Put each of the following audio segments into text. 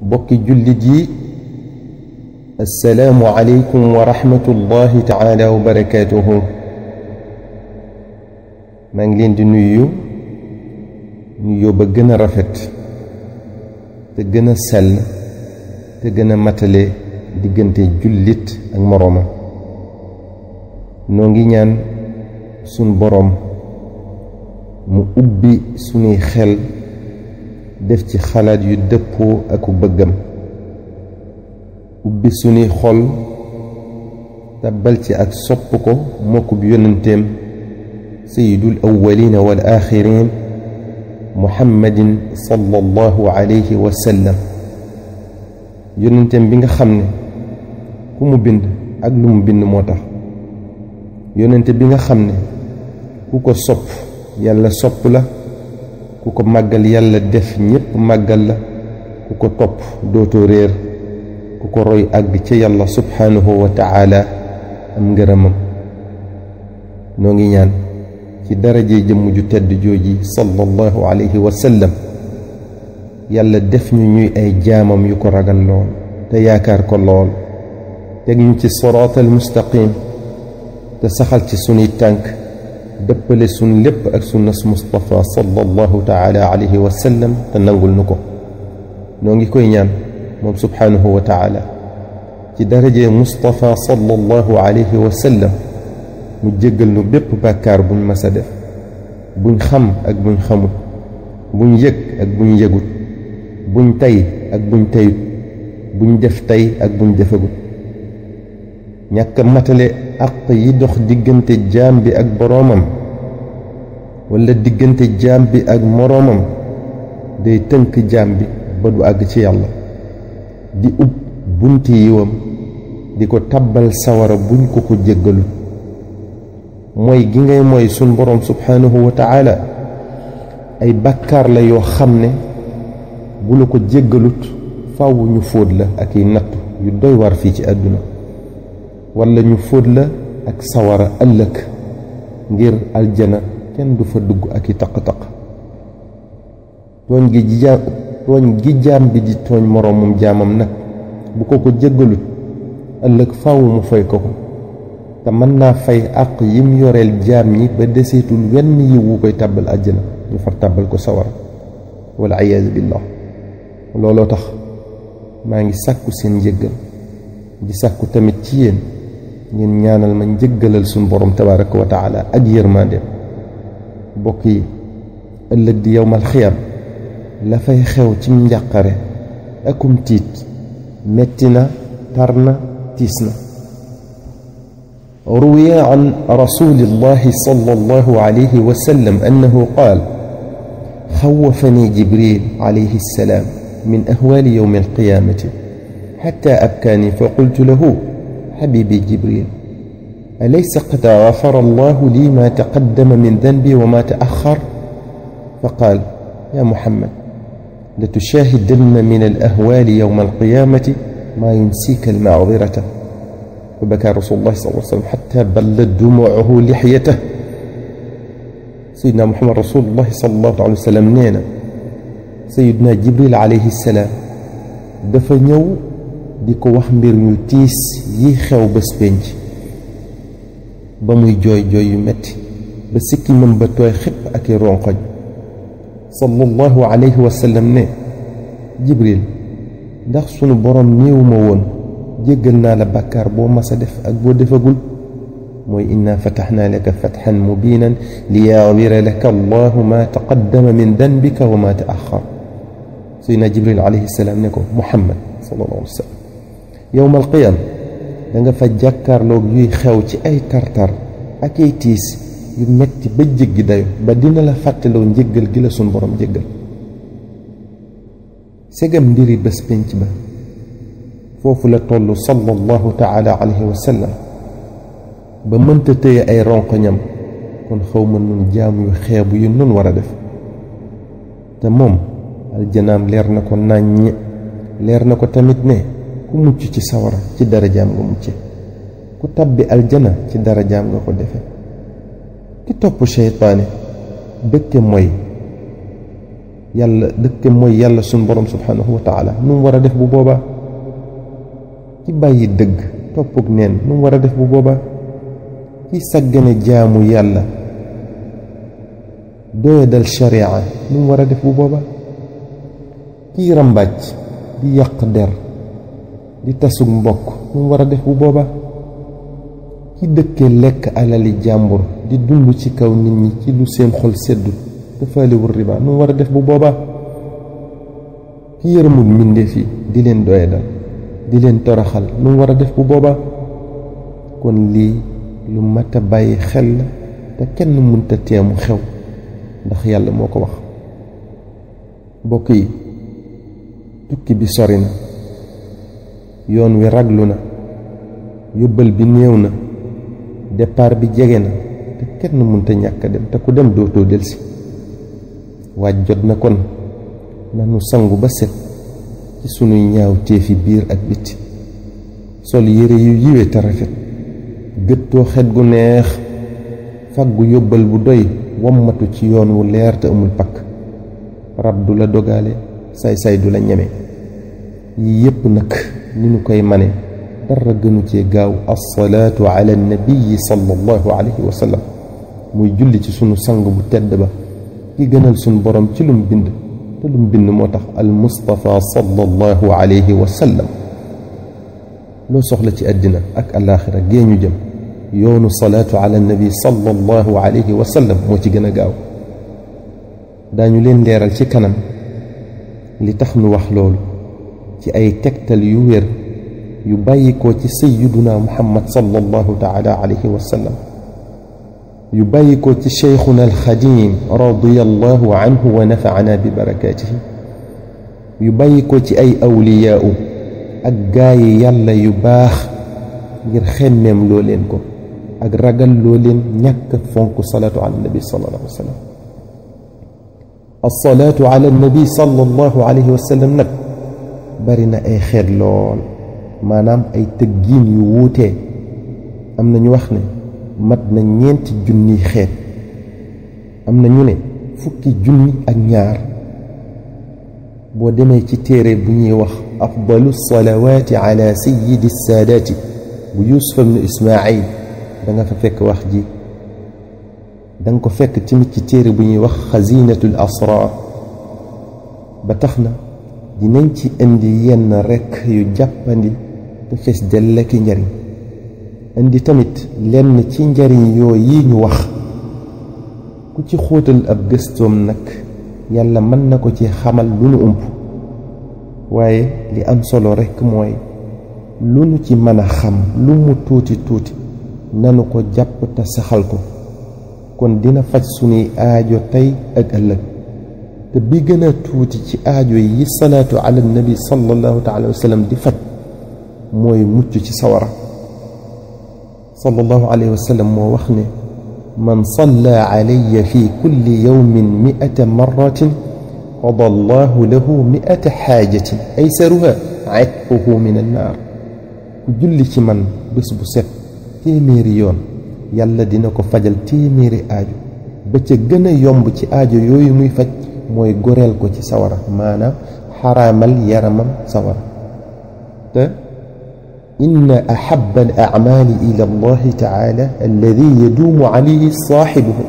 bokki jullit yi assalaamu aleykum wa rahmatullahi taala wa barakaatuhu maa ngi leen di nuyu nuyoo ba gën a rafet te gën a sell te gën a matale diggante jullit ak morooma noo ngi ñaan sun boroom mu ubbi sunuy xel def ci xalaat yu dëppoo aku bëggam ubbi sunuy xol tabbal ci ak sopp ko mokkub yonenteem sayidul awwalina wal axirin muhammadin sallallahu alayhi wa sallam yonenteem bi nga xam ne ku mu bind ak lu mu bind moo tax yonente bi nga xam ne ku ko sopp yàlla sopp la ku ko màggal yàlla def ñépp màggal la ku ko topp dootoo réer ku ko roy àgg ca yàlla subhanahu wa taala am ngërëmam noo ngi ñaan ci daraje jëmm ju tedd jooji sallallahu alayhi wa sallam yàlla def ñu ñuy ay jaamam yu ko ragal lool te yaakaar ko lool teg ñu ci siraatal mustaqim te saxal ci sunuy tànk dëppale sun lépp ak sunnas Mustafa sallallahu taala alayhi wa sallam te nangul nu ko noo ngi koy ñaan moom subhaanahu wa taala ci daraje Mustafa sallallahu alayhi wa sallam mu jéggal nu bépp bàkkaar buñ mas a def buñ xam ak buñ xamut buñ yëg ak buñ yëgut buñ tay ak buñ tayut buñ def tay ak buñ defagut ñàkk a matale àq yi dox diggante jaam bi ak boroomam wala diggante jaam bi ak moroomam day tënk jaam bi ba du àgg ci yàlla di ub bunti yiwam di ko tàbbal sawara buñ ko ko jéggalu mooy gi ngay mooy sun boroom subhaanahu wa ay bàkkaar la yoo xam ne bu la ko jéggalut fàww fóot la ak i natt yu doy war fii ci àdduna wala ñu fóot la ak sawara ëllëg ngir aljana kenn du fa dugg ak i taq-taq tooñ gi ji tooñ gi jaam bi di tooñ moroomum jaamam nag bu ko ko jéggalut ëllëg faaw mu fay ko ko te mën na fay àq yim yoreel jaam ñi ba deseetul wenn yiw wu koy tàbbal àjjana ñu fa tàbbal ko sawara wala ayaazu billah looloo tax maa ngi sàkku seen njëggal di sàkku tamit ci yéen ñin ñaanal ma njëggalal suñ borom tabaraka wa taala ak yërmandeem bokk yi ëllëg di yowmal xiyam la fay xew ci njàqare akum tiit metti na tar na tiis na روي عن رسول الله صلى الله عليه وسلم أنه قال خوفني جبريل عليه السلام من أهوال يوم القيامة حتى أبكاني فقلت له حبيبي جبريل أليس قد غفر الله لي ما تقدم من ذنبي وما تأخر فقال يا محمد لتشاهدن من الأهوال يوم القيامة ما ينسيك المعذرة فبكى رسول الله صلى الله عليه وسلم حتى بلت دموعه لحيته سيدنا محمد رسول الله صلى الله عليه وسلم نينا سيدنا جبريل عليه السلام دفنوا diko wax mbir yu tiss yi xew bés penj ba muy joy joy yu metti ba sikki mum ba toy xep ak ronxoj sallallahu alayhi wa sallam ne jibril ndax sunu borom neewuma won woon na la bàkkaar bo ma sa def ak bo defagul moy inna fatahna laka fatxan mubiinan liyaxfira laka allah ma taqaddama min dhanbika wa ma ta'akhkhar sayna jibril alayhi salam ne ko muhammad sallallahu alayhi wa sallam يوم القيام دنگا فجكر لو يي خاو اي ترتر اك اي تيس يو متي بجيغ دايو بدينا لا فاتلو نجيغل جيل سون بوروم جيغل سيغم ديري بس بنت با فوفو لا تولو صلى الله تعالى عليه وسلم ba mënta téye ay ronk ñam kon xaw ma nun jaam yu xeebu yu nun war a def te moom aljanaam leer na ko nàññi leer na ko tamit ne ku mucc ci sawara ci darajaam nga mucce ku tabbi aljana ci darajaam nga ko defe ki topp seytaane dëkke mooy yàlla dëkke mooy yàlla sunu borom subhanahu wa taala nu mu war a def bu booba ki bàyyi dëgg toppug neen nu mu war a def bu boobaa ki saggane jaamu yàlla doyadal sharia nu mu war a def bu boobaa kii ràmbaaj di yàq der di tasug mbokk mu war a def bu booba ki dëkkee lekk alali jàmbur di dund ci kaw nit ñi ci lu seen xol seddu dafa liwul riba nu mu war a def bu boobaa ki yërëmul minde fi di leen doyadal di leen toraxal nu mu war a def bu boobaa kon lii lu mata a bàyyi xel la te kenn mënta teemu xew ndax yàlla moo ko wax mbokk yi tukki bi sori na yoon wi raglu na yóbbal bi néew na départ bi jege na te kenn mënta ñàkk dem te ku dem dootoo delsi waaj jot na kon nanu sangu ba set ci sunuy ñaaw téefi biir ak biti sol yére yu yiwee te rafet gëttoo xet gu neex faggu yóbbal bu doy wammatu ci yoon wu leer te amul pakk rab du la dogaale saay-saay du la ñeme yi yépp nag ni ñu koy mane dara gënu cee gaaw alsalaatu ala annabiyi sallallahu alayhi wa sallam muy julli ci sunu sang bu tedd ba ki gënal sunu borom ci lum bind te lum bind moo tax al mustafa sallallahu alayhi wa sallam loo soxla ci àddina ak alaaxira gee ñu jëm yoonu salaatu ala annabi sallallahu alayhi wa sallam moo ci gën a gaaw daañu leen leeral ci kanam li tax nu wax loolu ci ay tegtal yu wér yu bàyyikoo ci sayiduna muhammad sallallahu taala alayhi wa sallam yu bàyyikoo ci cheikhuna alxadim radiallahu anhu wa nafaana bi barakatihi yu bàyyikoo ci ay awliyaa'u ak gaayi yàlla yu baax ngir xemmeem loo leen ko ak ragal loo leen ñàkk fonk salaatu ala nabi sallallahu alayhi wa sallam الصلاة على النبي صلى الله عليه وسلم نك barina na ay xeet lool maanaam ay tëggiin yu wuute am na ñu wax ne mat na ñeenti junni xeet am na ñu ne fukki junni ak ñaar boo demee ci téere bu ñuy wax afdalu salawaati ala sayidi saadaati bu yusufa ibnu ismail da nga fa fekk wax ji da nga ko fekk tamit ci téere bu ñuy wax xazinatu al asrar ba tax na dinañ ci indi yenn rekk yu jàppandi te fees dell ak njariñ indi tamit lenn ci njariñ yoo yi ñu wax ku ci xóotal ab gëstoom nag yàlla mën na ko ci xamal lu nu ump waaye li am solo rekk mooy lu nu ci mën a xam lu mu tuuti tuuti nanu ko jàpp te saxal ko kon dina faj sunuy aajo tey ak ëllëg te bi gën a tuuti ci aajo yi salaatu ala nabi sallallahu taala wa sallam di faj mooy mucc ci sawara sallallahu alayhi wa sallam moo wax ne man salla alayya fi kulli yawmin mi'ata marratin qada allahu lahu mi'ata xaajatin aysaruha atquhu min annaar ku julli ci man bés bu set téeméeri yoon yàlla dina ko fajal téeméeri aajo ba ca gën a yomb ci aajo yooyu muy faj mooy goreel ko ci sawara maanaam xaraamal yaramam sawara te inna ahabba al acmaali ila allahi taala alladi yaduumu alayhi saaxibuhu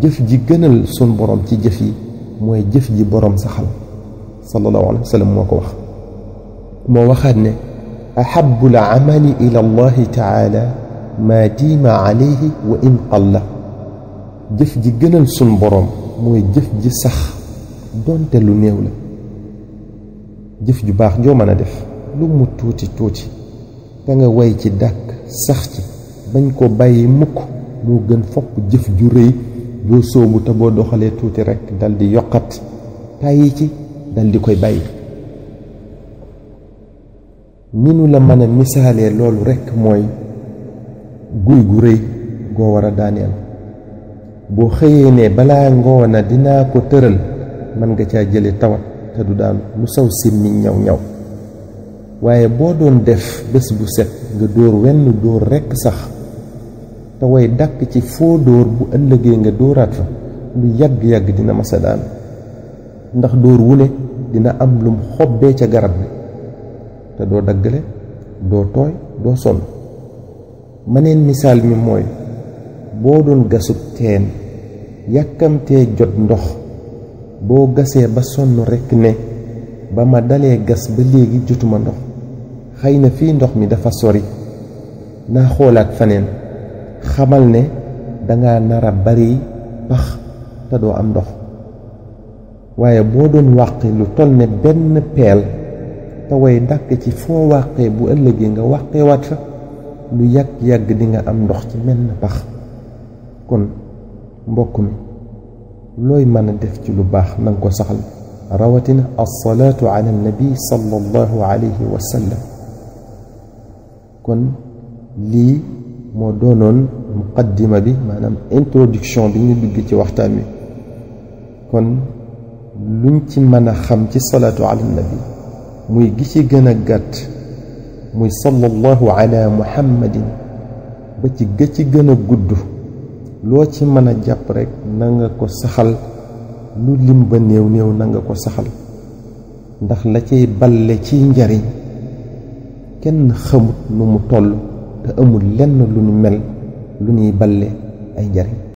jëf ji gënal sun borom ci jëf yi mooy jëf ji borom saxal sallallahu alayhi wa sallam moo ko wax moo waxaat ne ahabu al amali ila allahi taala maa diima alayhi wa in qalla jëf ji gënal sun borom mooy jëf ji sax donte lu néew la jëf ju baax joo mën a def lu mu tuuti tuuti te nga woy ci dàkk sax ci bañ ko bàyyi mukk moo gën fopp jëf ju rëy boo sóobu te boo doxalee tuuti rekk dal di yokkat tàyyi ci dal di koy bàyyi ni nu la mën a misaalee loolu rekk mooy guy gu rëy goo wara daaneel boo xëyee ne balaa ngoona dinaa ko tëral mën nga caa jële tawat te du daan lu saw simmi ñaw ñaw waaye boo doon def bés bu set nga dóor wenn dóor rekk sax te way dàkk ci foo dóor bu ëllëgee nga dóoraat fa lu yàgg-yàgg dina masa daan ndax dóor wu ne dina am lum xobbee ca garab bi te doo daggale doo tooy doo sonn maneen misaal mi mooy boo doon gasub teen yàkkamtee jot ndox boo gasee ba sonn rekk ne ba ma dalee gas ba léegi jotuma ndox xëy na fii ndox mi dafa sori naa xoolaat faneen xamal ne danga nara bari pax te doo am ndox waaye boo doon wàqi lu toll ne benn peel te way dàkk ci foo wàqee bu ëllëgee nga wàqeewaat fa lu yàgg-yàgg dinga am ndox ci menn pax kon mbokk mi looy mën a def ci lu baax na ko saxal rawatina alsalaatu ala annabi sallallahu alayhi wa sallam kon lii moo doonoon muqaddima bi maanaam introduction bi ñu dugg ci waxtaan wi kon luñ ci mën a xam ci salaatu ala nabi muy gi ci gën a gàtt muy sallallahu ala muhammadin ba ci gë ci gën a gudd loo ci mën a jàpp rek na nga ko saxal lu lim ba néew néew na nga ko saxal ndax la cay balle ci njariñ kenn xamut nu mu toll te amul lenn lu nu mel lu ñuy balle ay njariñ